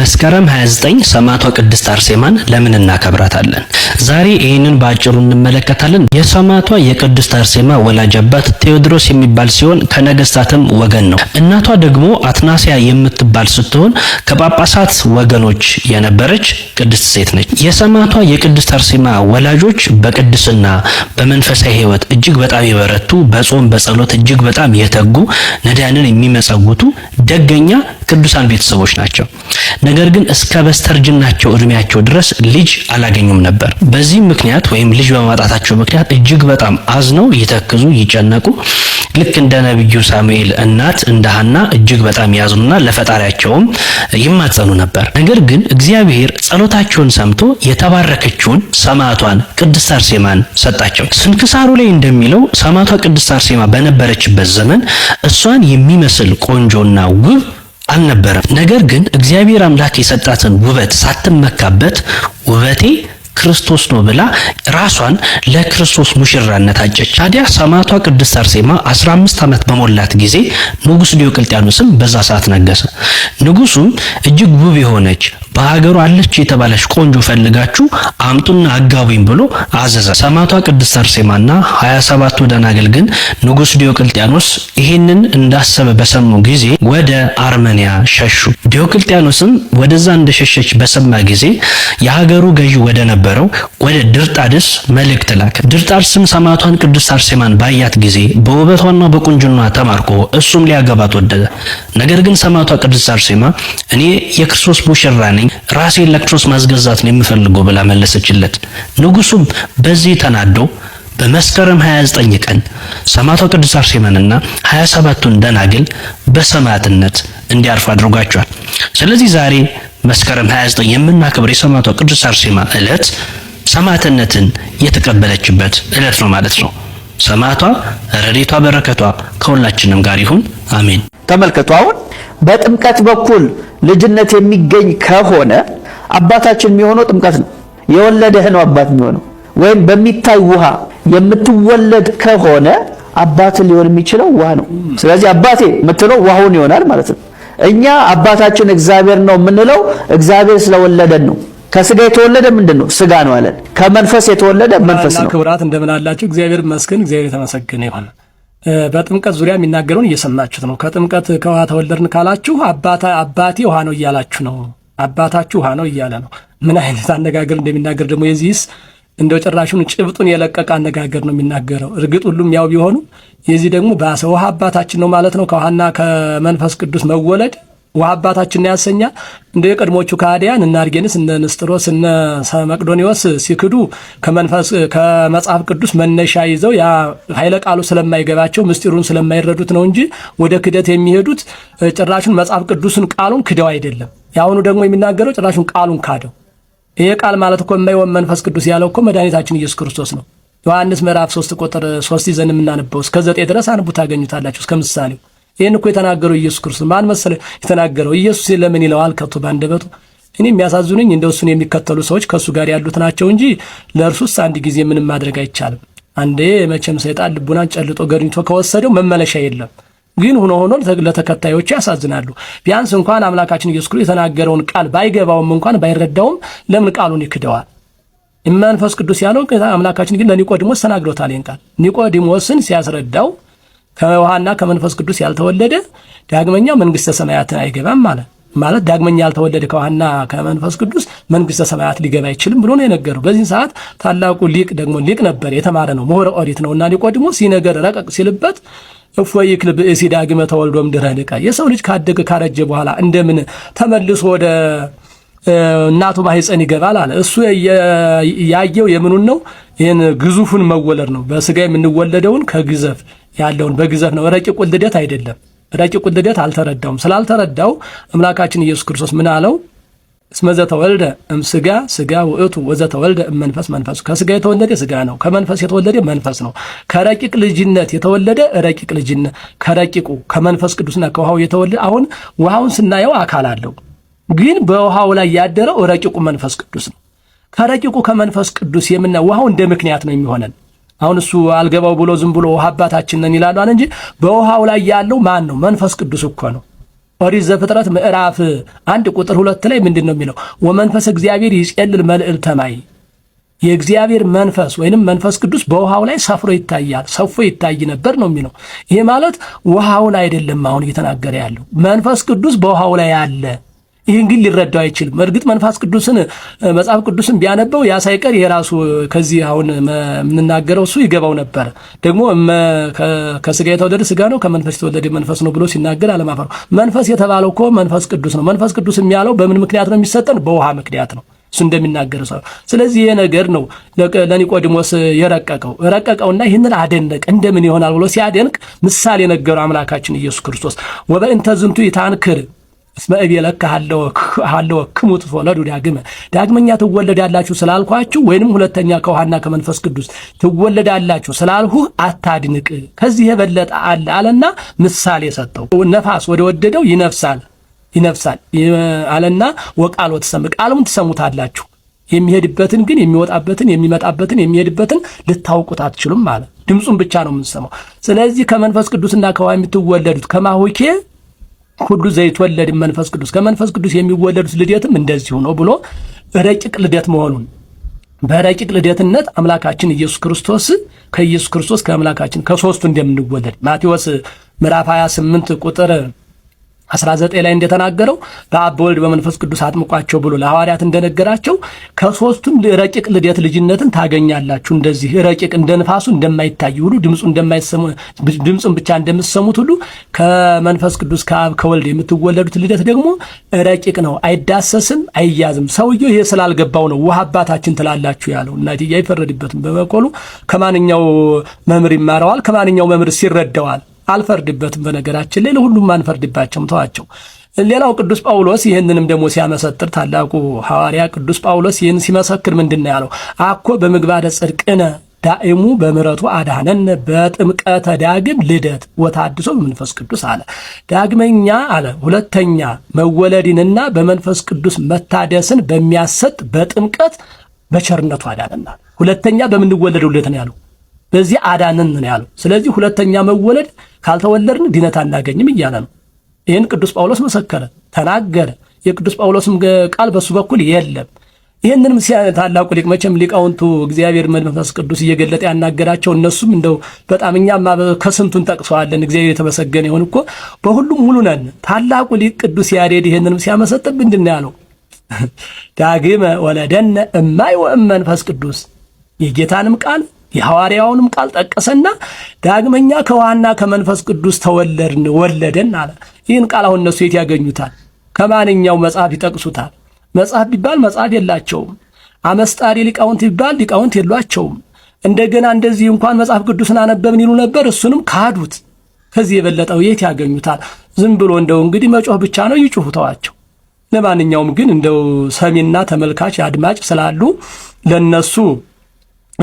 መስከረም 29 ሰማዕቷ ቅድስት አርሴማን ለምን እናከብራታለን? ዛሬ ይህንን በአጭሩ እንመለከታለን። የሰማዕቷ የቅድስት አርሴማ ወላጅ አባት ቴዎድሮስ የሚባል ሲሆን ከነገስታትም ወገን ነው። እናቷ ደግሞ አትናሲያ የምትባል ስትሆን ከጳጳሳት ወገኖች የነበረች ቅድስት ሴት ነች። የሰማዕቷ የቅድስት አርሴማ ወላጆች በቅድስና በመንፈሳዊ ሕይወት እጅግ በጣም የበረቱ በጾም በጸሎት እጅግ በጣም የተጉ ነዳያንን የሚመጸውቱ ደገኛ ቅዱሳን ቤተሰቦች ናቸው። ነገር ግን እስከ በስተርጅናቸው እድሜያቸው ድረስ ልጅ አላገኙም ነበር። በዚህ ምክንያት ወይም ልጅ በማጣታቸው ምክንያት እጅግ በጣም አዝነው ይተክዙ፣ ይጨነቁ ልክ እንደ ነቢዩ ሳሙኤል እናት እንደ ሀና እጅግ በጣም ያዝኑና ለፈጣሪያቸውም ይማጸኑ ነበር። ነገር ግን እግዚአብሔር ጸሎታቸውን ሰምቶ የተባረከችውን ሰማዕቷን ቅድስት አርሴማን ሰጣቸው። ስንክሳሩ ላይ እንደሚለው ሰማዕቷ ቅድስት አርሴማ በነበረችበት ዘመን እሷን የሚመስል ቆንጆና ውብ አልነበረም። ነገር ግን እግዚአብሔር አምላክ የሰጣትን ውበት ሳትመካበት ውበቴ ክርስቶስ ነው ብላ ራሷን ለክርስቶስ ሙሽራነት አጨች። ታዲያ ሰማዕቷ ቅድስት አርሴማ 15 ዓመት በሞላት ጊዜ ንጉስ ዲዮቅልጥያኖስም በዛ ሰዓት ነገሰ። ንጉሱም እጅግ ውብ የሆነች በሀገሩ አለች የተባለች ቆንጆ ፈልጋችሁ አምጡና አጋቡኝ ብሎ አዘዘ። ሰማዕቷ ቅድስት አርሴማና 27ቱ ደናግል ግን ንጉስ ዲዮቅልጥያኖስ ይህንን እንዳሰበ በሰሙ ጊዜ ወደ አርመንያ ሸሹ። ዲዮቅልጥያኖስም ወደዛ እንደሸሸች በሰማ ጊዜ የሀገሩ ገዢ ወደ የነበረው ወደ ድርጣድስ መልእክት ላከ። ድርጣድስም ሰማዕቷን ቅድስት አርሴማን ባያት ጊዜ በውበቷና በቁንጅኗ ተማርኮ እሱም ሊያገባት ወደደ። ነገር ግን ሰማዕቷ ቅድስት አርሴማ እኔ የክርስቶስ ሙሽራ ነኝ፣ ራሴ ለክርስቶስ ማስገዛት ነው የምፈልገው ብላ መለሰችለት። ንጉሱም በዚህ ተናዶ በመስከረም 29 ቀን ሰማዕቷ ቅድስት አርሴማንና 27ቱን ደናግል በሰማዕትነት እንዲያርፉ አድርጓቸዋል። ስለዚህ ዛሬ መስከረም 29 የምናከብር የሰማዕቷ ቅድስት አርሴማ ዕለት ሰማዕትነትን የተቀበለችበት ዕለት ነው ማለት ነው። ሰማዕቷ ረድኤቷ በረከቷ ከሁላችንም ጋር ይሁን አሜን። ተመልከቱ፣ አሁን በጥምቀት በኩል ልጅነት የሚገኝ ከሆነ አባታችን የሚሆነው ጥምቀት ነው። የወለደህ ነው አባት የሚሆነው ወይም በሚታይ ውሃ የምትወለድ ከሆነ አባት ሊሆን የሚችለው ውሃ ነው። ስለዚህ አባቴ የምትለው ውሃውን ይሆናል ማለት ነው። እኛ አባታችን እግዚአብሔር ነው የምንለው እግዚአብሔር ስለወለደን ነው። ከስጋ የተወለደ ምንድን ነው? ስጋ ነው አለን። ከመንፈስ የተወለደ መንፈስ ነው። ክብራት እንደምን አላችሁ? እግዚአብሔር ይመስገን። እግዚአብሔር የተመሰገነ ይሁን። በጥምቀት ዙሪያ የሚናገረውን እየሰማችሁት ነው። ከጥምቀት ከውሃ ተወለድን ካላችሁ አባቴ ውሃ ነው እያላችሁ ነው። አባታችሁ ውሃ ነው እያለ ነው። ምን አይነት አነጋገር እንደሚናገር ደግሞ የዚህስ እንደው ጭራሹን ጭብጡን የለቀቀ አነጋገር ነው የሚናገረው። እርግጥ ሁሉም ያው ቢሆኑ የዚህ ደግሞ ባሰ ውሃ አባታችን ነው ማለት ነው። ከውሃና ከመንፈስ ቅዱስ መወለድ ውሃ አባታችን ያሰኛል። እንደ የቀድሞቹ ከሃዲያን እነ አርጌንስ፣ እነ ንስጥሮስ፣ እነ መቅዶኒዎስ ሲክዱ ከመንፈስ ከመጽሐፍ ቅዱስ መነሻ ይዘው ያ ኃይለ ቃሉ ስለማይገባቸው ምስጢሩን ስለማይረዱት ነው እንጂ ወደ ክደት የሚሄዱት ጭራሹን መጽሐፍ ቅዱስን ቃሉን ክደው አይደለም። የአሁኑ ደግሞ የሚናገረው ጭራሹን ቃሉን ካደው ይሄ ቃል ማለት እኮ የማይሆን መንፈስ ቅዱስ ያለው እኮ መድኃኒታችን ኢየሱስ ክርስቶስ ነው። ዮሐንስ ምዕራፍ 3 ቁጥር 3 ይዘን የምናነበው እስከ 9 ድረስ አንቡ ታገኙታላችሁ። እስከ ምሳሌው ይህን እኮ የተናገረው ኢየሱስ ክርስቶስ ማን መሰለ የተናገረው? ኢየሱስ ለምን ይለዋል ከቶ ባንደበቱ? እኔ የሚያሳዝኑኝ እንደ እሱን የሚከተሉ ሰዎች ከእሱ ጋር ያሉት ናቸው እንጂ ለእርሱስ አንድ ጊዜ ምንም ማድረግ አይቻልም። አንዴ መቼም ሰይጣን ልቡናን ጨልጦ ገርኝቶ ከወሰደው መመለሻ የለም። ግን ሆኖ ሆኖ ለተከታዮች ያሳዝናሉ። ቢያንስ እንኳን አምላካችን ኢየሱስ ክርስቶስ የተናገረውን ቃል ባይገባውም እንኳን ባይረዳውም ለምን ቃሉን ይክደዋል? መንፈስ ቅዱስ ያለው አምላካችን ግን ለኒቆዲሞስ ተናግሮታል። ይህን ቃል ኒቆዲሞስን ሲያስረዳው ከውሃና ከመንፈስ ቅዱስ ያልተወለደ ዳግመኛ መንግሥተ ሰማያትን አይገባም ማለት ማለት ዳግመኛ ያልተወለደ ከውሃና ከመንፈስ ቅዱስ መንግሥተ ሰማያት ሊገባ አይችልም ብሎ ነው የነገረው። በዚህ ሰዓት ታላቁ ሊቅ ደግሞ ሊቅ ነበር፣ የተማረ ነው፣ ምሁረ ኦሪት ነውና ኒቆዲሞስ ሲነገር ረቀቅ ሲልበት እፎይ ይክል ብእሲ ዳግመ ተወልዶ እምድኅረ ኒቃ። የሰው ልጅ ካደገ ካረጀ በኋላ እንደምን ተመልሶ ወደ እናቱ ማህፀን ይገባል አለ። እሱ ያየው የምኑን ነው? ይህን ግዙፉን መወለድ ነው። በስጋ የምንወለደውን ከግዘፍ ያለውን በግዘፍ ነው። ረቂቁን ልደት አይደለም። ረቂቁን ልደት አልተረዳውም። ስላልተረዳው አምላካችን ኢየሱስ ክርስቶስ ምን አለው? እስመዘ ተወልደ እም ስጋ ውእቱ ወዘ ተወልደ እም መንፈሱ ከስጋ የተወለደ ስጋ ነው። ከመንፈስ የተወለደ መንፈስ ነው። ከረቂቅ ልጅነት የተወለደ ረቂቅ ልጅነት ከረቂቁ ከመንፈስ ቅዱስና ከውሃው የተወለደ አሁን ውሃውን ስናየው አካል አለው፣ ግን በውሃው ላይ ያደረው ረቂቁ መንፈስ ቅዱስ ነው። ከረቂቁ ከመንፈስ ቅዱስ የምና ውሃው እንደ ምክንያት ነው የሚሆነን አሁን እሱ አልገባው ብሎ ዝም ብሎ ውሃ አባታችንን ይላሉ እንጂ በውሃው ላይ ያለው ማን ነው? መንፈስ ቅዱስ እኮ ነው። ኦሪት ዘፍጥረት ምዕራፍ አንድ ቁጥር ሁለት ላይ ምንድን ነው የሚለው? ወመንፈስ እግዚአብሔር ይጼልል መልዕልተ ማይ የእግዚአብሔር መንፈስ ወይንም መንፈስ ቅዱስ በውሃው ላይ ሰፍሮ ይታያል፣ ሰፎ ይታይ ነበር ነው የሚለው። ይህ ማለት ውሃውን አይደለም አሁን እየተናገረ ያለው መንፈስ ቅዱስ በውሃው ላይ አለ ይህን ግን ሊረዳው አይችልም። እርግጥ መንፈስ ቅዱስን መጽሐፍ ቅዱስን ቢያነበው ያ ሳይቀር የራሱ ከዚህ አሁን የምንናገረው እሱ ይገባው ነበር። ደግሞ ከስጋ የተወለደ ስጋ ነው፣ ከመንፈስ የተወለደ መንፈስ ነው ብሎ ሲናገር አለማፈሩ። መንፈስ የተባለው እኮ መንፈስ ቅዱስ ነው። መንፈስ ቅዱስ የሚያለው በምን ምክንያት ነው የሚሰጠን? በውሃ ምክንያት ነው እሱ እንደሚናገር ሰው። ስለዚህ ይሄ ነገር ነው ለኒቆዲሞስ የረቀቀው ረቀቀውና ይህንን አደነቅ እንደምን ይሆናል ብሎ ሲያደንቅ ምሳሌ ነገረው አምላካችን ኢየሱስ ክርስቶስ ወበእንተ ዝንቱ ይታንክር እስመ እቤለከ ሀለወክሙ ትወለዱ ዳግመ ዳግመኛ ትወለዳላችሁ ስላልኳችሁ ወይንም ሁለተኛ ከውሃና ከመንፈስ ቅዱስ ትወለዳላችሁ ስላልሁህ አታድንቅ፣ ከዚህ የበለጠ አለ አለና ምሳሌ ሰጠው። ነፋስ ወደ ወደደው ይነፍሳል ይነፍሳል አለና ወቃሎ ትሰምዕ ቃሉን ትሰሙታላችሁ፣ የሚሄድበትን ግን የሚወጣበትን የሚመጣበትን የሚሄድበትን ልታውቁት አትችሉም አለ። ድምፁን ብቻ ነው የምንሰማው። ስለዚህ ከመንፈስ ቅዱስና ከውሃ የምትወለዱት ከማሆኬ ሁሉ ዘይትወለድ መንፈስ ቅዱስ ከመንፈስ ቅዱስ የሚወለዱት ልደትም እንደዚሁ ነው ብሎ ረቂቅ ልደት መሆኑን በረቂቅ ልደትነት አምላካችን ኢየሱስ ክርስቶስ ከኢየሱስ ክርስቶስ ከአምላካችን ከሶስቱ እንደምንወለድ ማቴዎስ ምዕራፍ 28 ቁጥር 19 ላይ እንደተናገረው በአብ በወልድ በመንፈስ ቅዱስ አጥምቋቸው ብሎ ለሐዋርያት እንደነገራቸው ከሶስቱም ረቂቅ ልደት ልጅነትን ታገኛላችሁ። እንደዚህ ረቂቅ እንደ ንፋሱ እንደማይታይ ሁሉ ድምፁን ብቻ እንደምትሰሙት ሁሉ ከመንፈስ ቅዱስ ከአብ ከወልድ የምትወለዱት ልደት ደግሞ ረቂቅ ነው፣ አይዳሰስም፣ አይያዝም። ሰውየው ይሄ ስላልገባው ነው ውሃ አባታችን ትላላችሁ ያለው። እና አይፈረድበትም። በበቆሉ ከማንኛው መምህር ይማረዋል፣ ከማንኛው መምህር ሲረደዋል። አልፈርድበትም። በነገራችን ላይ ለሁሉም አንፈርድባቸውም፣ ተዋቸው። ሌላው ቅዱስ ጳውሎስ ይህንንም ደግሞ ሲያመሰጥር ታላቁ ሐዋርያ ቅዱስ ጳውሎስ ይህን ሲመሰክር ምንድን ነው ያለው? አኮ በምግባረ ጽድቅነ ዳእሙ በምረቱ አዳነን በጥምቀተ ዳግም ልደት ወታድሶ በመንፈስ ቅዱስ አለ። ዳግመኛ አለ ሁለተኛ መወለድንና በመንፈስ ቅዱስ መታደስን በሚያሰጥ በጥምቀት በቸርነቱ አዳነና ሁለተኛ በምንወለድ ልደት ነው ያለው። በዚህ አዳነን ነው ያለው። ስለዚህ ሁለተኛ መወለድ ካልተወለድን ድነት አናገኝም እያለ ነው። ይህን ቅዱስ ጳውሎስ መሰከረ፣ ተናገረ። የቅዱስ ጳውሎስም ቃል በሱ በኩል የለም። ይህንንም ታላቁ ሊቅ መቼም ሊቃውንቱ እግዚአብሔር መንፈስ ቅዱስ እየገለጠ ያናገራቸው እነሱም እንደው በጣም እኛማ ከስንቱን ጠቅሰዋለን። እግዚአብሔር የተመሰገነ ይሁን እኮ በሁሉም ሙሉ ነን። ታላቁ ሊቅ ቅዱስ ያሬድ ይህንንም ሲያመሰጥብ ምንድን ያለው ዳግመ ወለደነ እማይ ወእም መንፈስ ቅዱስ የጌታንም ቃል የሐዋርያውንም ቃል ጠቀሰና ዳግመኛ ከውሃና ከመንፈስ ቅዱስ ተወለድን ወለደን አለ። ይህን ቃል አሁን እነሱ የት ያገኙታል? ከማንኛው መጽሐፍ ይጠቅሱታል? መጽሐፍ ቢባል መጽሐፍ የላቸውም። አመስጣሪ ሊቃውንት ቢባል ሊቃውንት የሏቸውም። እንደገና እንደዚህ እንኳን መጽሐፍ ቅዱስን አነበብን ይሉ ነበር፣ እሱንም ካዱት። ከዚህ የበለጠው የት ያገኙታል? ዝም ብሎ እንደው እንግዲህ መጮህ ብቻ ነው፣ ይጩሁ ተዋቸው። ለማንኛውም ግን እንደው ሰሚና ተመልካች አድማጭ ስላሉ ለነሱ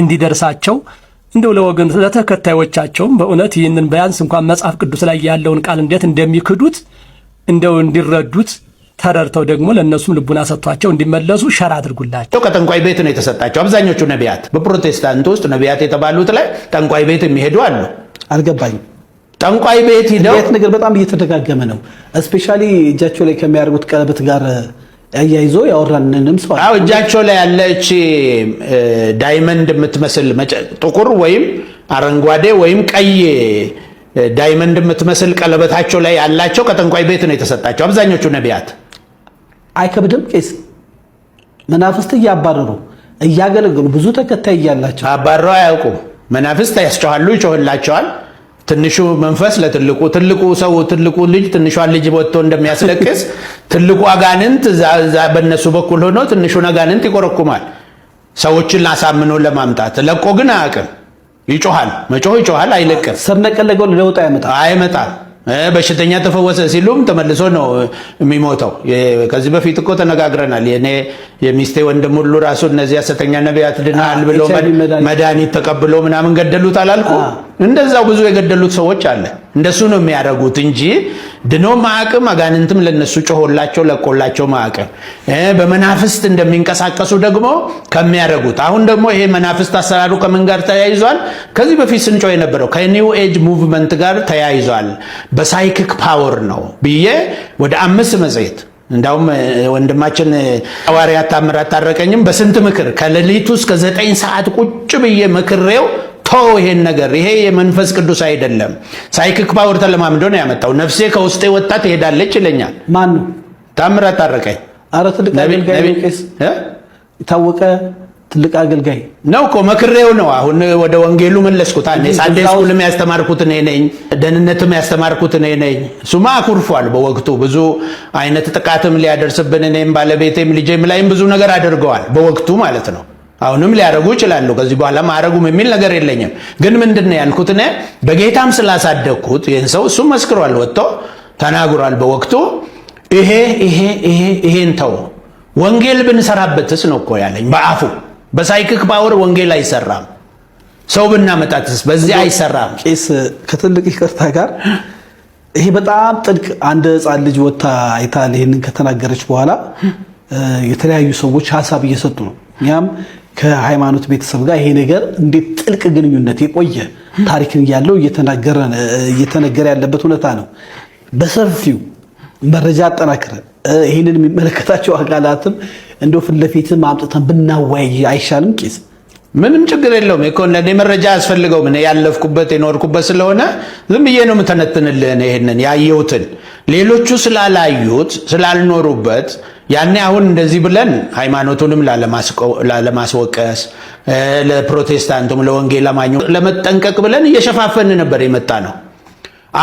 እንዲደርሳቸው እንደው ለወገን ለተከታዮቻቸውም በእውነት ይህንን ቢያንስ እንኳን መጽሐፍ ቅዱስ ላይ ያለውን ቃል እንዴት እንደሚክዱት እንደው እንዲረዱት ተረድተው ደግሞ ለእነሱም ልቡና ሰጥቷቸው እንዲመለሱ ሸር አድርጉላቸው። ከጠንቋይ ቤት ነው የተሰጣቸው አብዛኞቹ ነቢያት። በፕሮቴስታንት ውስጥ ነቢያት የተባሉት ላይ ጠንቋይ ቤት የሚሄዱ አሉ። አልገባኝ ጠንቋይ ቤት ሂደው ነገር በጣም እየተደጋገመ ነው። እስፔሻሊ እጃቸው ላይ ከሚያደርጉት ቀለበት ጋር አያይዞ ያወራንንም ሰው አዎ፣ እጃቸው ላይ ያለች ዳይመንድ የምትመስል ጥቁር ወይም አረንጓዴ ወይም ቀይ ዳይመንድ የምትመስል ቀለበታቸው ላይ ያላቸው ከጠንቋይ ቤት ነው የተሰጣቸው አብዛኞቹ ነቢያት። አይከብድም ቄስ መናፍስት እያባረሩ እያገለገሉ ብዙ ተከታይ እያላቸው አባረው አያውቁም። መናፍስት ያስጨኋሉ፣ ይጮህላቸዋል ትንሹ መንፈስ ለትልቁ ትልቁ ሰው ትልቁ ልጅ ትንሿን ልጅ ወጥቶ እንደሚያስለቅስ ትልቁ አጋንንት በእነሱ በኩል ሆኖ ትንሹን አጋንንት ይቆረኩማል፣ ሰዎችን አሳምኖ ለማምጣት ለቆ ግን አያውቅም። ይጮሃል፣ መጮህ ይጮሃል፣ አይለቅም። ሰብ ነቀል ነገር ለውጥ አይመጣም። በሽተኛ ተፈወሰ ሲሉም ተመልሶ ነው የሚሞተው። ከዚህ በፊት እኮ ተነጋግረናል። የኔ የሚስቴ ወንድም ሁሉ ራሱ እነዚህ ሐሰተኛ ነቢያት ድናል ብሎ መድኃኒት ተቀብሎ ምናምን ገደሉት አላልኩ? እንደዛው ብዙ የገደሉት ሰዎች አለ። እንደሱ ነው የሚያደርጉት እንጂ ድኖ ማቅም አጋንንትም ለነሱ ጮሆላቸው ለቆላቸው አያውቅም። በመናፍስት እንደሚንቀሳቀሱ ደግሞ ከሚያደርጉት አሁን ደግሞ ይሄ መናፍስት አሰራሩ ከምን ጋር ተያይዟል? ከዚህ በፊት ስንጮ የነበረው ከኒው ኤጅ ሙቭመንት ጋር ተያይዟል። በሳይክክ ፓወር ነው ብዬ ወደ አምስት መጽሔት እንዳውም ወንድማችን ሐዋርያ ታምራት ታረቀኝም በስንት ምክር ከሌሊቱ እስከ ዘጠኝ ሰዓት ቁጭ ብዬ ምክሬው ተው ይሄን ነገር፣ ይሄ የመንፈስ ቅዱስ አይደለም። ሳይክክ ፓወር ተለማምዶ ነው ያመጣው። ነፍሴ ከውስጤ ወጣ ትሄዳለች ይለኛል። ማን ነው? ታምራት ታረቀኝ። ኧረ ትልቅ አገልጋይ ታወቀ። ትልቅ አገልጋይ ነው እኮ መክሬው ነው። አሁን ወደ ወንጌሉ መለስኩት። ሳንዴ ስኩልም ያስተማርኩት እኔ ነኝ፣ ደህንነትም ያስተማርኩት እኔ ነኝ። እሱማ አኩርፏል በወቅቱ ብዙ አይነት ጥቃትም ሊያደርስብን እኔም ባለቤቴም ልጄም ላይም ብዙ ነገር አድርገዋል በወቅቱ ማለት ነው። አሁንም ሊያደረጉ ይችላሉ። ከዚህ በኋላ ማረጉም የሚል ነገር የለኝም። ግን ምንድን ነው ያልኩት እኔ በጌታም ስላሳደግኩት ይህን ሰው እሱ መስክሯል፣ ወጥቶ ተናግሯል በወቅቱ ይሄ ይሄ ይሄ ይሄን ተው ወንጌል ብንሰራበትስ ነው እኮ ያለኝ። በአፉ በሳይክክ ፓወር ወንጌል አይሰራም። ሰው ብናመጣትስ በዚህ አይሰራም። ቄስ ከትልቅ ይቅርታ ጋር ይሄ በጣም ጥልቅ አንድ ህፃን ልጅ ወታ አይታል። ይህንን ከተናገረች በኋላ የተለያዩ ሰዎች ሀሳብ እየሰጡ ነው። እኛም ከሃይማኖት ቤተሰብ ጋር ይሄ ነገር እንዴት ጥልቅ ግንኙነት የቆየ ታሪክን ያለው እየተነገረ ያለበት ሁኔታ ነው። በሰፊው መረጃ አጠናክረ ይህንን የሚመለከታቸው አካላትም እንደው ፊት ለፊትም አምጥተን ብናወያይ አይሻልም ቄስ? ምንም ችግር የለውም እኮ ለእኔ መረጃ ያስፈልገውም እኔ ያለፍኩበት የኖርኩበት ስለሆነ ዝም ብዬ ነው የምተነትንልህን ይህንን ያየሁትን ሌሎቹ ስላላዩት ስላልኖሩበት ያኔ አሁን እንደዚህ ብለን ሃይማኖቱንም ላለማስወቀስ ለፕሮቴስታንቱም ለወንጌል አማኙ ለመጠንቀቅ ብለን እየሸፋፈን ነበር የመጣ ነው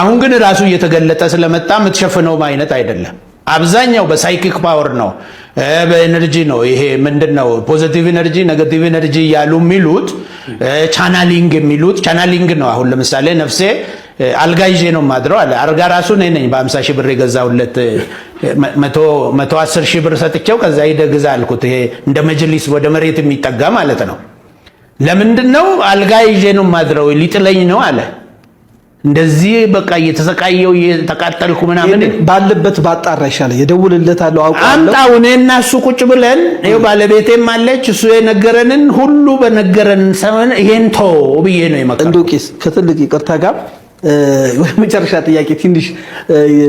አሁን ግን ራሱ እየተገለጠ ስለመጣ የምትሸፍነውም አይነት አይደለም አብዛኛው በሳይኪክ ፓወር ነው በኤነርጂ ነው። ይሄ ምንድን ነው? ፖዘቲቭ ኤነርጂ፣ ነገቲቭ ኤነርጂ እያሉ የሚሉት ቻናሊንግ የሚሉት ቻናሊንግ ነው። አሁን ለምሳሌ ነፍሴ አልጋ ይዤ ነው ማድረው አለ አልጋ ራሱ እኔ ነኝ በ50 ሺህ ብር የገዛሁለት 110 ሺህ ብር ሰጥቼው ከዛ ሂደህ ግዛ አልኩት። ይሄ እንደ መጅሊስ ወደ መሬት የሚጠጋ ማለት ነው። ለምንድን ነው አልጋ ይዤ ነው ማድረው ሊጥለኝ ነው አለ እንደዚህ በቃ እየተሰቃየው እየተቃጠልኩ ምናምን ባለበት ባጣራ ይሻላል። የደውልለታለሁ አውቃለሁ። አምጣው እኔ እና እሱ ቁጭ ብለን ይኸው ባለቤቴም አለች። እሱ የነገረንን ሁሉ በነገረን ሰመን ይሄን ቶ ብዬ ነው የመከረው። እንደው ቄስ ከትልቅ ይቅርታ ጋር መጨረሻ ጥያቄ ትንሽ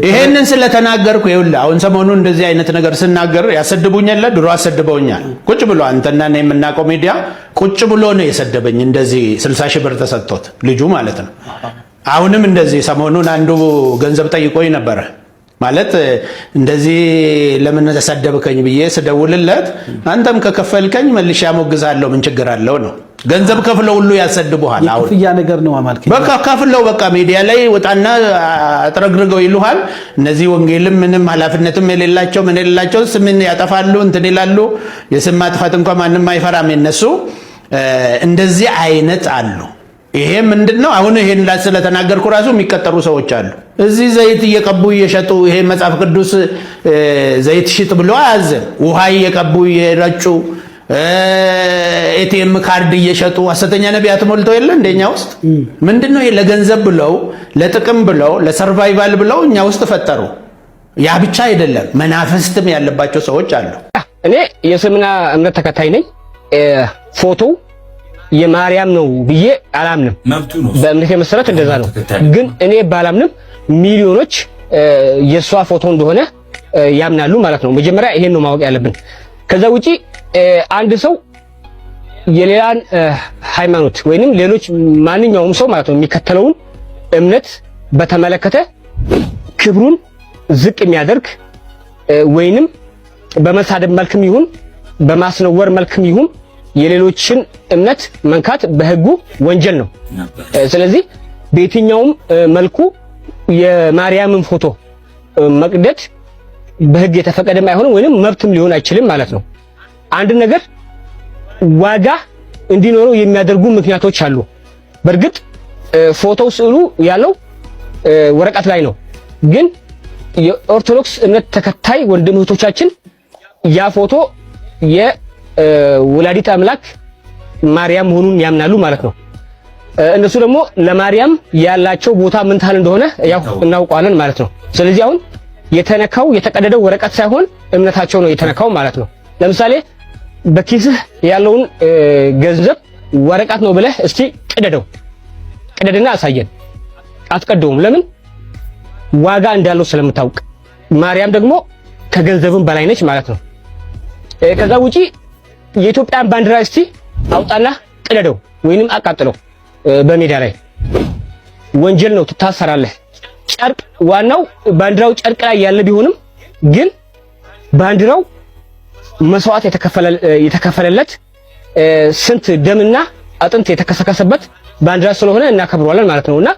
ይሄንን ስለተናገርኩ ይኸውልህ፣ አሁን ሰሞኑ እንደዚህ አይነት ነገር ስናገር ያሰድቡኛል። ድሮ አሰድበውኛል። ቁጭ ብሎ አንተና እኔ የምናውቀው ሚዲያ ቁጭ ብሎ ነው የሰደበኝ። እንደዚህ 60 ሺህ ብር ተሰጥቶት ልጁ ማለት ነው አሁንም እንደዚህ ሰሞኑን አንዱ ገንዘብ ጠይቆኝ ነበረ። ማለት እንደዚህ ለምን ተሰደብከኝ ብዬ ስደውልለት አንተም ከከፈልከኝ መልሼ አሞግዛለሁ ምን ችግር አለው ነው። ገንዘብ ከፍለው ሁሉ ያሰድቡሃል። አሁን ነገር ነው አማልክ። በቃ ከፍለው በቃ ሚዲያ ላይ ወጣና አጥረግርገው ይሉሃል። እነዚህ ወንጌልም ምንም ኃላፊነትም የሌላቸው ምን የሌላቸው ስምን ያጠፋሉ እንትን ይላሉ። የስም ማጥፋት እንኳን ማንም አይፈራም የነሱ እንደዚህ አይነት አሉ። ይሄ ምንድን ነው? አሁን ይሄን ስለተናገርኩ ራሱ የሚቀጠሩ ሰዎች አሉ። እዚህ ዘይት እየቀቡ እየሸጡ ይሄ መጽሐፍ ቅዱስ ዘይት ሽጥ ብሎ አያዘ ውሃ እየቀቡ እየረጩ ኤቲኤም ካርድ እየሸጡ ሐሰተኛ ነቢያት ሞልተው የለ እንደኛ ውስጥ ምንድን ነው? ለገንዘብ ብለው ለጥቅም ብለው ለሰርቫይቫል ብለው እኛ ውስጥ ፈጠሩ። ያ ብቻ አይደለም፣ መናፍስትም ያለባቸው ሰዎች አሉ። እኔ የእስልምና እምነት ተከታይ ነኝ። ፎቶው የማርያም ነው ብዬ አላምንም። በእምነት የመሰረት እንደዛ ነው። ግን እኔ ባላምንም ሚሊዮኖች የእሷ ፎቶ እንደሆነ ያምናሉ ማለት ነው። መጀመሪያ ይሄን ነው ማወቅ ያለብን። ከዛ ውጪ አንድ ሰው የሌላን ሃይማኖት ወይንም ሌሎች ማንኛውም ሰው ማለት ነው የሚከተለውን እምነት በተመለከተ ክብሩን ዝቅ የሚያደርግ ወይንም በመሳደብ መልክም ይሁን በማስነወር መልክም ይሁን የሌሎችን እምነት መንካት በህጉ ወንጀል ነው። ስለዚህ በየትኛውም መልኩ የማርያምን ፎቶ መቅደድ በህግ የተፈቀደም አይሆንም ወይንም መብትም ሊሆን አይችልም ማለት ነው። አንድ ነገር ዋጋ እንዲኖረው የሚያደርጉ ምክንያቶች አሉ። በእርግጥ ፎቶው ስዕሉ ያለው ወረቀት ላይ ነው። ግን የኦርቶዶክስ እምነት ተከታይ ወንድም እህቶቻችን ያ ፎቶ ወላዲት አምላክ ማርያም መሆኑን ያምናሉ ማለት ነው። እነሱ ደግሞ ለማርያም ያላቸው ቦታ ምን ታህል እንደሆነ ያው እናውቀዋለን ማለት ነው። ስለዚህ አሁን የተነካው የተቀደደው ወረቀት ሳይሆን እምነታቸው ነው የተነካው ማለት ነው። ለምሳሌ በኪስህ ያለውን ገንዘብ ወረቀት ነው ብለህ እስኪ ቅደደው፣ ቅደድና አሳየን። አትቀደውም። ለምን? ዋጋ እንዳለው ስለምታውቅ። ማርያም ደግሞ ከገንዘብም በላይ ነች ማለት ነው። ከዛ ውጪ የኢትዮጵያን ባንዲራ እስቲ አውጣና ቅደደው ወይንም አቃጥለው በሜዳ ላይ ወንጀል ነው፣ ትታሰራለህ። ጨርቅ ዋናው ባንዲራው ጨርቅ ላይ ያለ ቢሆንም ግን ባንዲራው መስዋዕት የተከፈለለት ስንት ደምና አጥንት የተከሰከሰበት ባንዲራ ስለሆነ እናከብረዋለን ማለት ነውና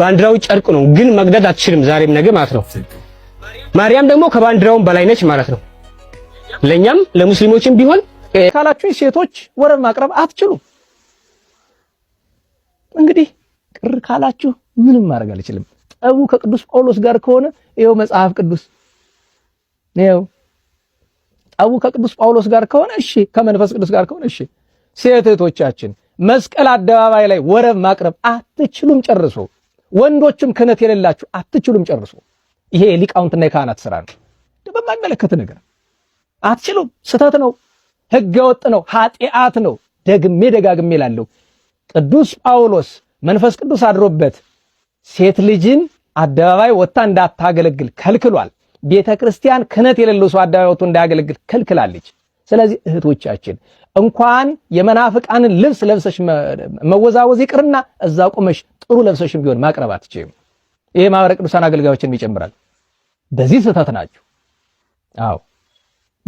ባንዲራው ጨርቅ ነው፣ ግን መቅደድ አትችልም ዛሬም ነገ ማለት ነው። ማርያም ደግሞ ከባንዲራውም በላይ ነች ማለት ነው። ለኛም ለሙስሊሞችም ቢሆን ካላችሁ ሴቶች ወረብ ማቅረብ አትችሉ እንግዲህ ቅር ካላችሁ ምንም ማድረግ አልችልም። ጠቡ ከቅዱስ ጳውሎስ ጋር ከሆነ ይኸው መጽሐፍ ቅዱስ ነው። ጠቡ ከቅዱስ ጳውሎስ ጋር ከሆነ እሺ፣ ከመንፈስ ቅዱስ ጋር ከሆነ እሺ። ሴቶቻችን መስቀል አደባባይ ላይ ወረብ ማቅረብ አትችሉም ጨርሶ። ወንዶችም ክህነት የሌላችሁ አትችሉም ጨርሶ። ይሄ የሊቃውንትና የካህናት ስራ ነው። በማይመለከት ነገር አትችሉም፣ ስህተት ነው። ህገ ወጥ ነው፣ ኃጢአት ነው። ደግሜ ደጋግሜ እላለሁ። ቅዱስ ጳውሎስ መንፈስ ቅዱስ አድሮበት ሴት ልጅን አደባባይ ወጥታ እንዳታገለግል ከልክሏል። ቤተ ክርስቲያን ክህነት የሌለው ሰው አደባባይ ወጥቶ እንዳያገለግል ከልክላለች። ስለዚህ እህቶቻችን እንኳን የመናፍቃንን ልብስ ለብሰሽ መወዛወዝ ይቅርና እዛ ቁመሽ ጥሩ ለብሰሽም ቢሆን ማቅረብ አትችይም። ይሄ ማህበረ ቅዱሳን አገልጋዮችንም ይጨምራል። በዚህ ስህተት ናችሁ። አዎ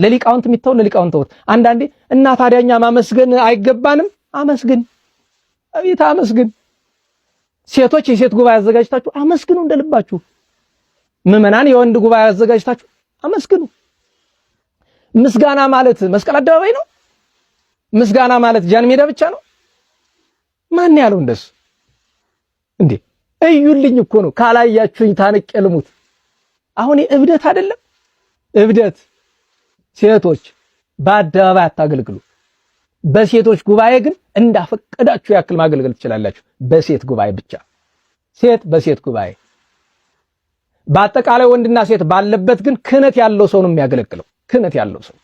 ለሊቃውንት የሚተው ለሊቃውንት ተውት። አንዳንዴ እና ታዲያኛ ማመስገን አይገባንም? አመስግን፣ አቤት አመስግን። ሴቶች የሴት ጉባኤ አዘጋጅታችሁ አመስግኑ እንደልባችሁ። ምዕመናን የወንድ ጉባኤ አዘጋጅታችሁ አመስግኑ። ምስጋና ማለት መስቀል አደባባይ ነው። ምስጋና ማለት ጃን ሜዳ ብቻ ነው። ማን ያለው እንደሱ? እንዴ እዩልኝ እኮ ነው። ካላያችሁኝ ታንቄ ልሙት። አሁን እብደት አይደለም እብደት ሴቶች በአደባባይ አታገልግሉ። በሴቶች ጉባኤ ግን እንዳፈቀዳችሁ ያክል ማገልገል ትችላላችሁ። በሴት ጉባኤ ብቻ ሴት በሴት ጉባኤ በአጠቃላይ ወንድና ሴት ባለበት ግን ክህነት ያለው ሰው ነው የሚያገለግለው። ክህነት ያለው ሰው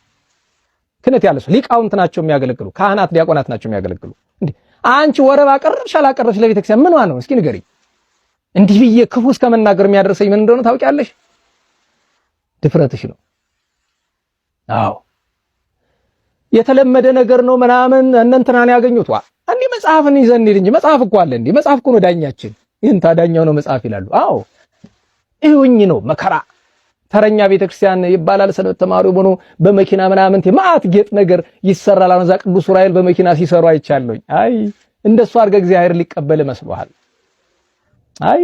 ክህነት ያለው ሰው ሊቃውንት ናቸው የሚያገለግሉ፣ ካህናት ዲያቆናት ናቸው የሚያገለግሉ። እንዴ አንቺ ወረብ አቀረብሽ አላቀረብሽ ለቤተ ክርስቲያን ምኗ ነው እስኪ ንገሪ። እንዲህ ብዬ ክፉ እስከመናገር የሚያደርሰኝ ምን እንደሆነ ታውቂያለሽ? ድፍረትሽ ነው። አዎ የተለመደ ነገር ነው ምናምን እነንትናን ያገኙት ዋ አንዲ መጽሐፍን ይዘን እንሂድ እንጂ መጽሐፍ እኮ አለ እንዴ? መጽሐፍ እኮ ነው ዳኛችን። ይህን ታዳኛው ነው መጽሐፍ ይላሉ። አዎ ይሁኝ ነው መከራ ተረኛ ቤተክርስቲያን ይባላል። ሰንበት ተማሪ ሆኖ በመኪና ምናምን ማአት ጌጥ ነገር ይሰራል። አሁን እዛ ቅዱስ ዑራኤል በመኪና ሲሰሩ አይቻለኝ አይ እንደሱ አድርገህ እግዚአብሔር ሊቀበል መስሎሃል? አይ